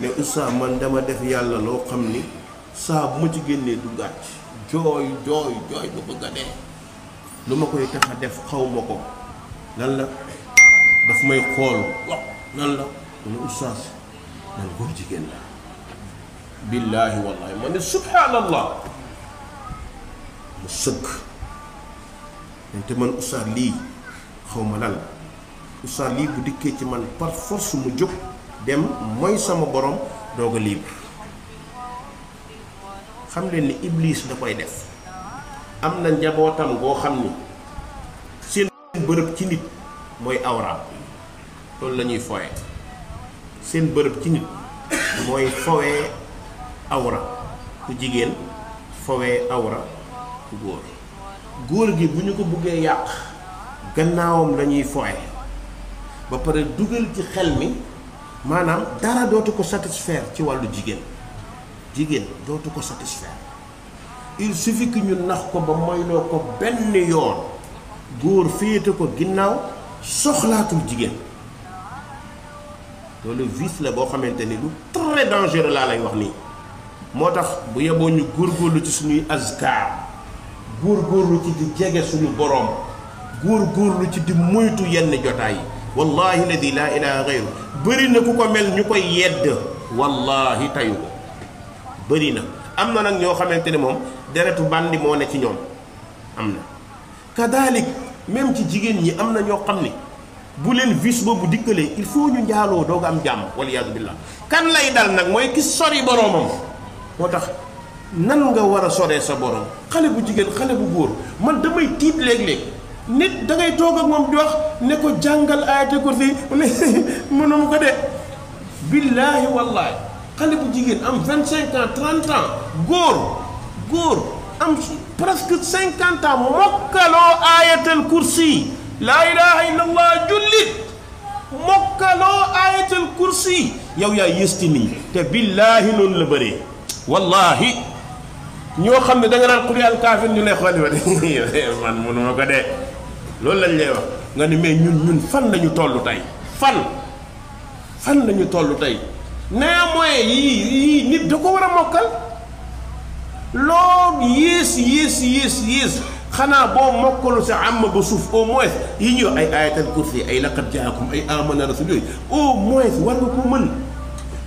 mais oustaz man dama def yàlla loo xam ni saa bu ma ci génnee du gàtt jooy jooy jooy ba bëgg a lu ma koy tax a def xaw ma ko lan la daf may xool waaw lan la mu ne oustaz man góor jigéen la billaahi wallaahi ma ne subhaanallah mu sëgg te man oustaz lii xaw ma lan la oustaz lii bu dikkee ci man par force mu jóg dem mooy sama boroom doog a libre xam leen ni ibliis da koy def am na njabootam goo xam ni seen bërëb ci nit mooy awraam loolu la ñuy seen bërëb ci nit awra ku jigéen fowee awra ku góor gi bu ñu ko buggee yàq gannaawam lañuy ñuy fooye ba pare dugal ci xel mi manam dara dotu ko satisfaire ci walu jigen jigen dotu ko satisfaire il suffit que ñu nax ko ba moylo ko benn yoon góor féete ko ginnaaw soxlaatul jigéen loolu vice la bo xamanteni lu très dangereux la lay wax ni motax tax bu yeboo ñu lu ci suñu azkar goor goor lu ci di jégué suñu borom goor goor lu ci di muytu yenn jotaay yi wallahi ladi la ilaha ghayru bari na ku ko mel ñu koy yedd wallahi tayu ko bari na am na nag ñoo xamante ne moom deretu bandi moo ne ci ñoom am na kadalik même ci jigéen ñi am na ñoo xam ni bu leen vis boobu dikkalee il faut ñu njaaloo doog am jàmm waliyaadu billah kan lay dal nag mooy ki sori boroomam moo tax nan nga war a soree sa borom xale bu jigéen xale bu góor man damay tiit léeg-léeg nit da ngay toog ak moom di wax ne ko jàngal ayatul kursi mënuma ko de billaahi wallaahi xale bu jigéen am vingt cinq ans trente ans góor góor am presque cinquante ans mokkaloo ayatul kursi laa ilaha illallah jullit mokkaloo ayatul kursi yow yaa yësti nii te billaahi noonu la bëree wallaahi ñoo xam ne da nga naan xul yàlla kaafir ñu lay xooli ba de man mënuma ko de loolu lañ lay nga ni mais ñun ñun fan lañu toll tey fan fan lañu toll tey néanmoins yii yii nit da ko war a mokkal loolu yées yées yées xanaa boo mokkalu sa am ba suuf au moins yi ñuy ay ayatal kursi ay laqad jaakum ay amana rasul yooyu au moins war nga ko mën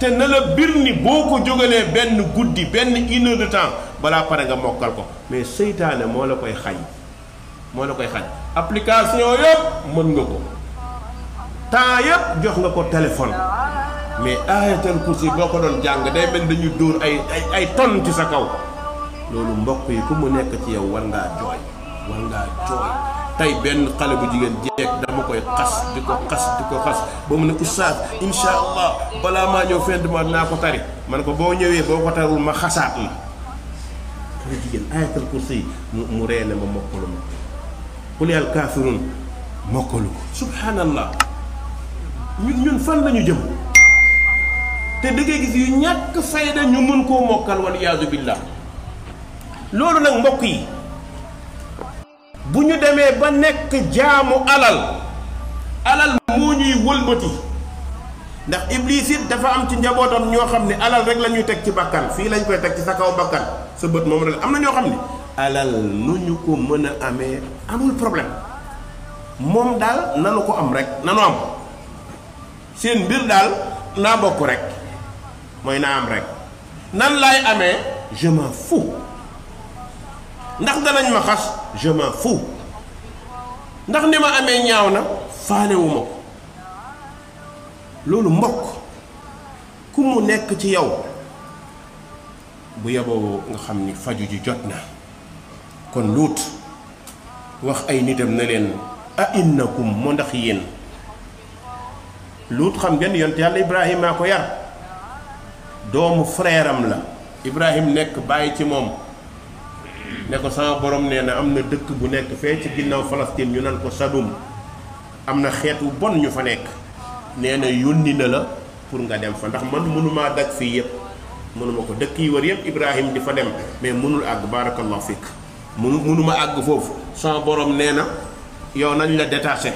te na la bir ni boo ko jógalee benn guddi benn une de temps balaa pare nga mokkal ko mais seytaane moo la koy xañ moo la koy xañ application yépp mën nga ko temps yépp jox nga ko téléphone mais ayatul kursi boo ko doon jàng day mel dañu dóor ay ay ay tonn ci sa kaw loolu mbokk yi ku ya mu nekk ci yow war ngaa jooy war ngaa jooy tay benn xale bu jigéen jeeg dama koy xas di ko xas di ko xas ba mu ne oustaz insha allah balaa maa ñëw fin de naa ko tari man ko boo ñëwee boo ko tarul ma xasaat la xale jigéen ayatul ah, kursi mu mu reene ma mokkalu ma qul yaa alkaafiruun mokkalu ko ñun ñun fan lañu jëm te da ngay gis yu ñàkk fayda ñu mën koo mbokkal wal iyaazu billaah loolu nag mbokk yi bu ñu demee ba nekk jaamu alal alal moo ñuy wëlbati ndax iblis it dafa am ci njabootam ñoo xam ne alal rek la ñuy teg ci bàkkan fii lañ koy teg ci sa kaw bakkan sa bët moom rek am na ñoo xam ne alal nu ñu ko mën a amee amul problème moom daal nanu ko am rek nanu am seen mbir daal naa bokk rek mooy naa am rek nan laay amee je fu ndax danañ ma xas je m'en ndax ni ma amee ñaaw na faalewuma ko loolu mbokk ku mu nekk ci yow bu yeboo nga xam ni faju ji jot na kon lut wax ay nitam na len a innakum mo ndax yéen lut xam ngeen yonte yàlla ibrahim mako yar doomu frère am la ibrahim nek baye ci mom ne ko sama borom neena amna dëkk bu nek fe ci ginnaw falastin ñu nan ko Sadum amna na bon ñu fa nek neena yoni na la pour nga dem fa ndax man munuma daj fi yeb munuma ko dëkk yi wër yeb ibrahim di fa dem mais munul ag barakallahu fik munu munuma àgg foofu sama borom nee na yow nañ la détaché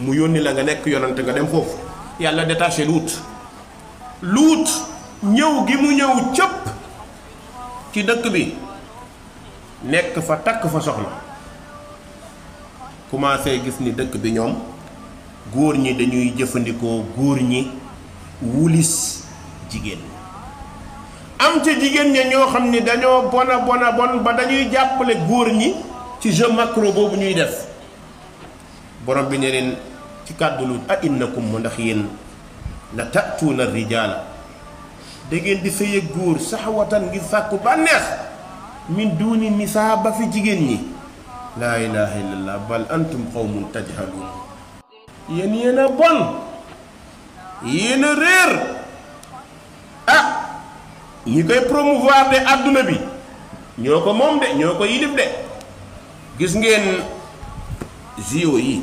mu yónni la nga nekk yonante nga dem foofu yàlla détaché luut luut ñëw gi mu ñëw cëpp ci dëkk bi nekk fa takk fa soxna commencé gis ni dëkk bi ñoom góor ñi dañuy jëfandikoo góor ñi wulis jigéen am ci jigen ñe ñoo xamni dañoo bona bona bon ba dañuy jàppale góor ñi ci jeu macro bobu ñuy def borom bi ne leen ci kàddu lu a innakum mu ndax yéen la tatuuna rijaala da ngeen di sëye góor sahwatan saxwatan fakku ba neex min duni nisaa ba fi jigen ñi la ilaha illallah bal antum qawmun tajhalun yéen yéen bon yéen réer ñi koy promouvoir de àdduna bi ñoo ko moom de ñoo ko yilif de gis ngeen JO yi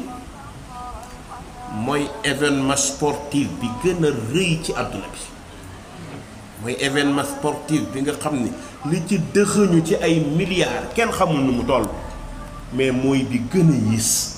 mooy événement sportif bi gën a rëy ci àdduna bi mooy événement sportif bi nga xam ni li ci dëxëñu ci ay milliards kenn xamul nu mu toll mais mooy bi gën a yis